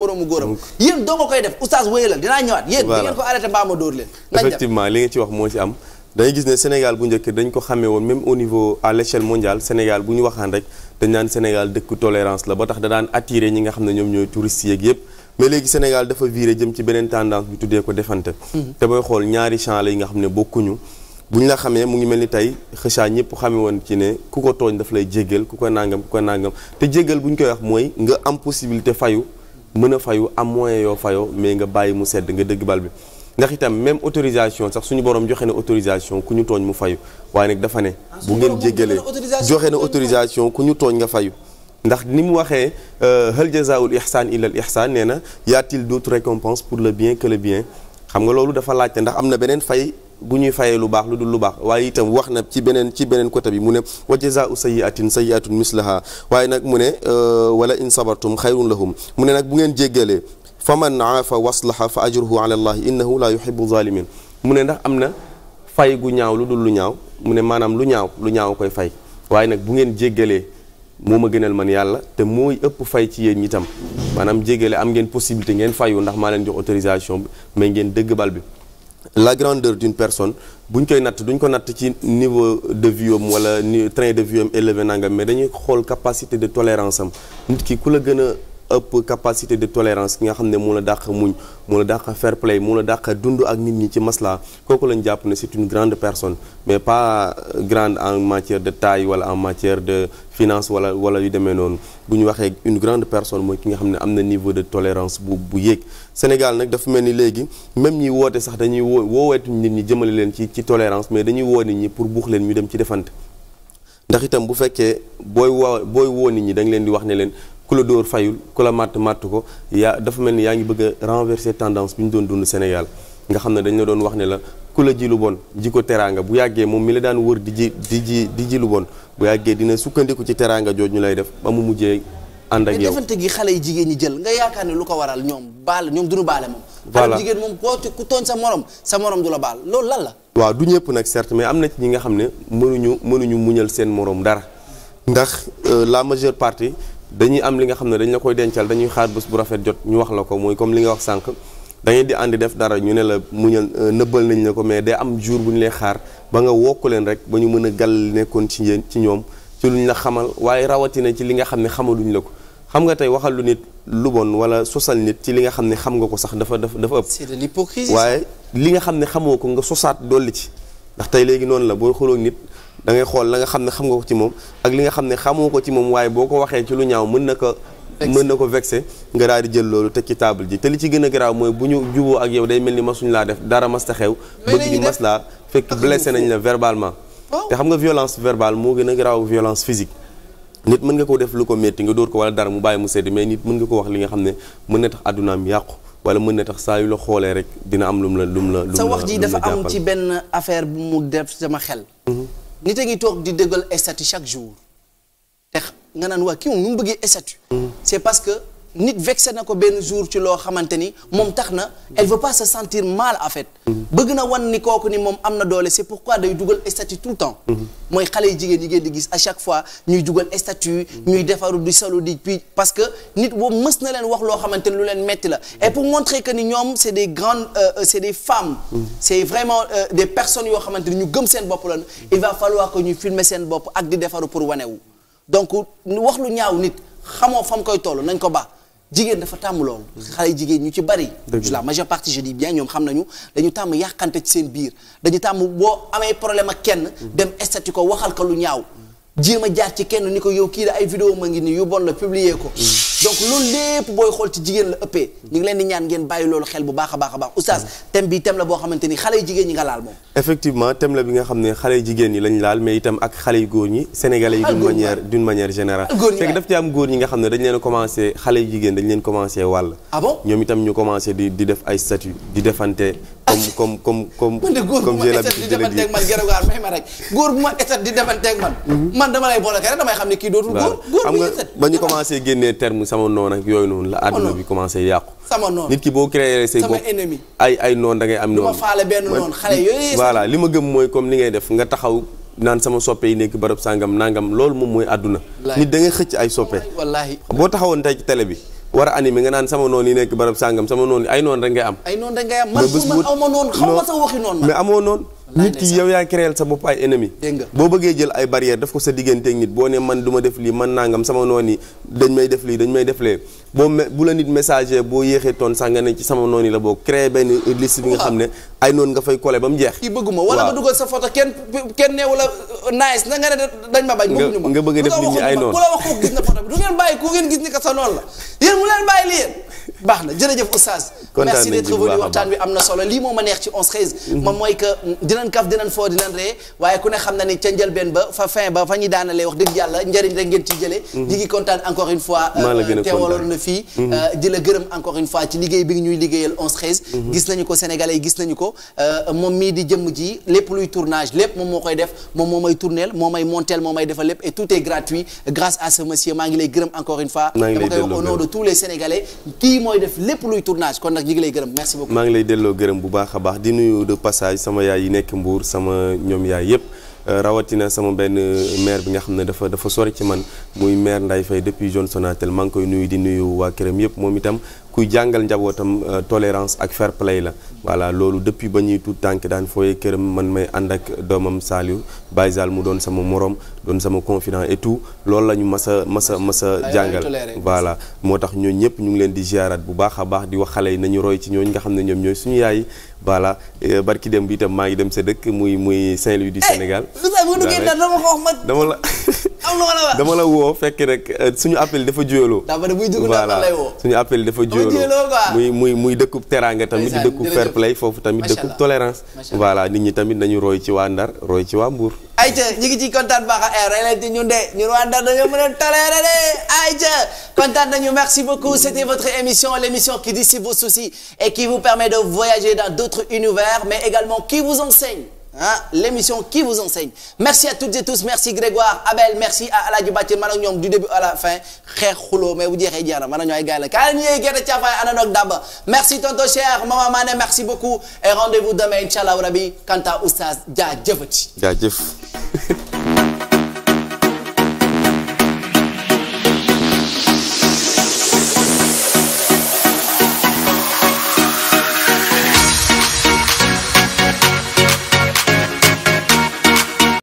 boroomu góoram yéen doo nga koy def oustaz wéy la dinaa ñëwaat yéen di ko arrêté mbaa ma leen effectivement li nga ci wax moo ci am dañuy gis ne Sénégal bu njëkk dañ ko xamee woon même au niveau à l'échelle mondiale Sénégal bu ñu waxaan rek dañ naan Sénégal dëkku tolérance la ba tax da daan ñi nga xam ne ñoom ñooy touristes yeeg yëpp mais léegi Sénégal dafa viré jëm ci beneen tendance bi tuddee ko defante mhm. te booy xool ñaari champs yi nga xam ne bokkuñu bu ñu la xamee mu ngi mel ni tey xëcaa ñëpp xame woon ci ne ku tooñ daf lay jéggal ku ko nàngam ko nàngam te jéggal bu ñu koy wax mooy nga am possibilité fayu mën a fayu am moyen yoo fayoo mais nga bàyyi mu sedd nga dëgg bal bi ndax itam même autorisation sax suñu borom joxe na autorisation ku ñu tooñ mu fayu waaye nag dafa ne ah, bu ngeen jéggalee joxe na autorisation ku ñu tooñ nga fayu ndax ni mu waxee euh, hal jazaul ihsan illa al ihsan nee na y a-t-il pour le bien que le bien xam nga loolu dafa laajte ndax am na beneen fay bu ñuy fayee lu baax lu dul lu baax waaye itam wax na ci beneen ci beneen côté bi mu ne wa jazaau sayiatin sayiatun mislaha waaye nag mu ne euh, wala in sabartum xayrun lahum mu ne nag bu ngeen jéggalee fa man aafa waslaha fa ajruhu ala allah innahu la yuhibu zalimin mu ne ndax am na fay gu ñaaw lu dul lu ñaaw mu ne maanaam lu ñaaw lu ñaaw a koy fay waaye nag bu ngeen jéggalee moo ma gënal man yàlla te mooy ëpp fay ci yéen ñi tam maanaam jéggale am ngeen possibilité ngeen fayu ndax maa leen jox autorisation bi mais ngeen dëgg bal bi la grandeur d'une personne bu ñu koy natt duñ ko natt ci niveau de vie am wala train de vie am élevé nangam mais dañuy xool capacité de tolérance am nit ki ku la gën a ëpp capacité de tolérance ki nga xam ne mu la dàq muñ mu la dàq fair play moo la dund ak nit ñi ci masla kooku lañ jàpp ne c'est une grande personne mais pas grande en matière de taille wala en matière de finance wala wala yu demee noonu bu ñu waxee une grande personne mooy ki nga xam ne am na niveau de tolérance bu bu yéeg Sénégal nag dafa mel ni léegi même ñi woote sax dañuy woo wooweetuñ nit ñi jëmale leen ci ci tolérance mais dañuy woo nit ñi pour buux leen ñu dem ci defante ndax itam bu fekkee booy woo booy woo nit ñi da leen di wax ne leen ku la dóor fayul ku la màtt màtt ko yaa dafa mel ni yaa ngi bëgg a renverser tendance bi ñu doon dund Sénégal nga xam ne dañ la doon wax ne la ku la ji lu bon ji ko teraanga bu yàggee moom mi la daan wër di ji di ji di ji lu bon dina sukkandiku ci teraanga jooj ñu lay def ba mu mujjee ànd ak yow defante gi xale yi jigéen ñi jël nga yaakaar ne lu ko waral ñoom baal ñoom duñu baale moom voilà xale jigéen moom koo sa morom sa morom du la baal loolu lan la waaw du ñëpp nag certes mais am na ci ñi nga xam ne mënuñu mënuñu muñal seen moroom dara ndax euh, la majeure partie dañuy am li nga xam ne dañ la koy dencal dañuy xaar bés bu rafet jot ñu wax la ko mooy comme li nga wax sànq da di àndi def dara ñu ne la muñal euh, nëbbal nañ la ko mais day am jour bu ñu lay xaar ba nga wokku leen rek ba ñu mën a gal nekkoon ci yéen ci ñoom ci luñ la xamal waaye rawatina ci li nga xam ne xamaluñ la ko xam nga tey waxal lu nit lu bon wala sosal nit ci li nga xam ne xam nga ko sax dafa dafa dafa ëpp. c'est de l'hypocrisie waaye li nga xam ne xamoo ko nga sosaat dolli ci ndax tey léegi noonu la boo xooloo nit da ngay xool la nga xam ne xam nga ko ci moom ak li nga xam ne xamoo ko ci moom waaye boo ko waxee ci lu ñaaw mën na ko mën na ko vexé nga daal di jël loolu teg ci table ji te li ci gën a garaaw mooy bu ñu juboo ak yow day mel ni masuñ laa def dara masta xew bëgg di mas laa fekk blessé nañ la verbalement te xam nga violence verbale moo gën a garaaw violence physique nit mën nga ko def lu ko métti nga door ko wala dara mu bàyyi mu sedd mais nit mën nga ko wax li nga xam ne mën na tax àddunaam yàqu wala mën na tax saa yu xoolee rek dina am lum la lum la sa wax ji dafa am ci benn affaire bu mu sama xel mhm. nit a ngi toog di dëggal statut chaque jour nga naan waa kii nu mu bëggee statut c'est parce que nit vexé na ko benn jour ci loo xamante ni moom tax na elle veut pas se sentir mal en fait bëgg na wan ni kooku ni moom am na doole c'est pourquoi day dugal statut tout le temps mooy xale yi jigéen yi ngeen di gis à chaque fois ñuy jugal statut ñuy defaru di solo di puis parce que nit boobu mës na leen wax loo xamante ni lu leen metti la et pour montrer que ni ñoom c'est des grandes euh, euh c'est des femmes c'est vraiment euh, des personnes yoo xamante ni ñu gëm seen bopp lan il va ñu filmer seen bopp ak di defaru pour wanewu donc wax lu ñaaw nit xamoo fam koy toll nañ ko baax jigéen dafa tàmm loolu xale jigéen ñu ci bari la majeure partie je dis bien ñoom xam nañu dañu tàmm yàkkante ci seen biir dañu tàmm boo amee problème ak kenn mm-hmm. dem estati ko waxal ko lu ñaaw jéem a jaar ci kenn ni ko yow kii da ay vidéo ma ngi nii yu bon la publier ko mm-hmm. donc loolu lépp booy xool ci jigéen la ëppee ñu ngi leen di ñaan ngeen bàyyi loolu xel bu baax a baax a baax oustaz thème bi thème la boo xamante ni xale yu jigéen ñi nga laal xam ne xale yu jigéen ñi mais itam ak xale yu góor ñi sénégalais yi d'une manière d'une manière daf ci am góor ñi nga xam ne dañ leen commencé xale yu jigéen dañ leen commencé wàll ah ñoom itam ñu commencé di def ay statut di defante comme comme comme comme comme j'ai le dire man gërëgaar may ma góor bu ma état di defanteeg man mhm. man dama lay boole rek damay sama noon ak yooyu noonu la àdduna oh bi commencé yàqu sama noon nit ki boo créé say bopp ay ay noon da am noonu voilà li ma gëm mooy comme li ngay def nga taxaw naan sama soppe yi nekk barab sàngam nangam loolu moom mooy àdduna nit da ngay xëcc ay soppe wallaahi boo taxawoon tey ci télé bi war a animé nga naan sama noon yi nekk barab sàngam sama noon ay noon rek ngay am ay noon rek ngay am man man aw ma noon xaw ma sa waxi noon mais amoo noon nit ki yow yaa créé sa bopp ay ennemi boo bëggee jël ay barrière daf ko sa digganteeg nit boo ne man du ma def lii man nangam sama noon yi dañ may def lii dañ may def lee boo bu la nit messager boo yéexee toon sax nga ne ci sama noon yi la boo créé benn liste bi nga xam ne ay noonu nga fay collé ba mu jeex kii bëgguma wala nga dugal sa photo kenn kenn neewu la uh, nice na nga ne dañ ma bañ bëgguñu ma nga bëgg a def nit ñi ay noonu ku la wax ko gis na photo bi du ngeen bàyyi ku ngeen gis ni ko sa noonu la yéen mu leen bàyyi li yéen baax na jërëjëf oustaz merci d'être venu waxtaan bi am na solo lii moo ma neex ci 11 13. Mhm. moom mooy que dinañ kaf dinañ foo dinañ ree waaye ku ne xam na ni ca njëlbeen ba fa fin ba fa ñuy daanalee wax dëgg yàlla njëriñ rek ngeen ci jëlee di mhm. ngi kontaan encore une fois euh, teewaloon na fii mhm. euh, di la gërëm encore une fois ci liggéey bi ñuy liggéeyal 11 13. gis nañu ko sénégalais gis nañu ko euh, moom mii di jëmm ji lépp luy tournage lépp moom moo koy def moom moo may tourneel moo may monteel moo may defal lépp et tout lay gërëm encore une fois dama koy wax au nom de tous les sénégalais ñu ngi lay gërëm merci beaucoup. maa ngi lay delloo gërëm bu baax a baax di nuyu de passage sama yaay yi nekk Mbour sama ñoom yaay yëpp. Euh, rawatina sama benn maire bi nga xam ne dafa dafa sori ci man muy maire Nday Faye depuis zone Sonatel maa ngi koy nuyu di nuyu waa këram yëpp moom itam kuy jàngal njabootam euh, tolérance ak fair play la voilà loolu depuis ba ñuy tuut tànk daan fooyee këram man may ànd ak doomam Saliou Baye mu doon sama moroom doon sama confident et tout loolu la ñu mas a mas a mas a jàngal voilà moo tax ñooñ ñëpp ñu ngi leen di ziarat bu baax a baax di wax xale yi nañu roy ci ñooñu nga xam ne ñoom ñooy suñu yaay voilà euh, barki dem bi itam maa ngi dem sa dëkk muy muy Saint-Louis du eh, Sénégal dama la am na wala dama la woo fekk rek euh, suñu appel dafa juyaloo. dama ne buy suñu appel dafa juyaloo muy muy muy dëkkub teraanga tamit di dëkkub fair play foofu tamit dëkkub tolérance. voilà nit ñi tamit nañu rooy ci waa Ndar roy ci waa Mbour. ayca ñu ngi ciy kontaan baax a air leen di ñun de ñun waa Ndar dañoo mën a toléré de ayca kontaan nañu merci beaucoup c'était votre émission l'émission qui dissipe vos soucis et qui vous permet de voyager dans d'autres univers mais également ah l'émission qui vous enseigne merci à toutes et tous merci Grégoire Abel merci à Aladji Bàcci man ñoom du début à la fin xeex xuloo mais bu jeexee jeex na man ak ñoom ay gars la kaa leen merci tonton cher maman Mané merci beaucoup et rendez-vous demain incha allah rabi quant à oustaz jaajëfati jaajëf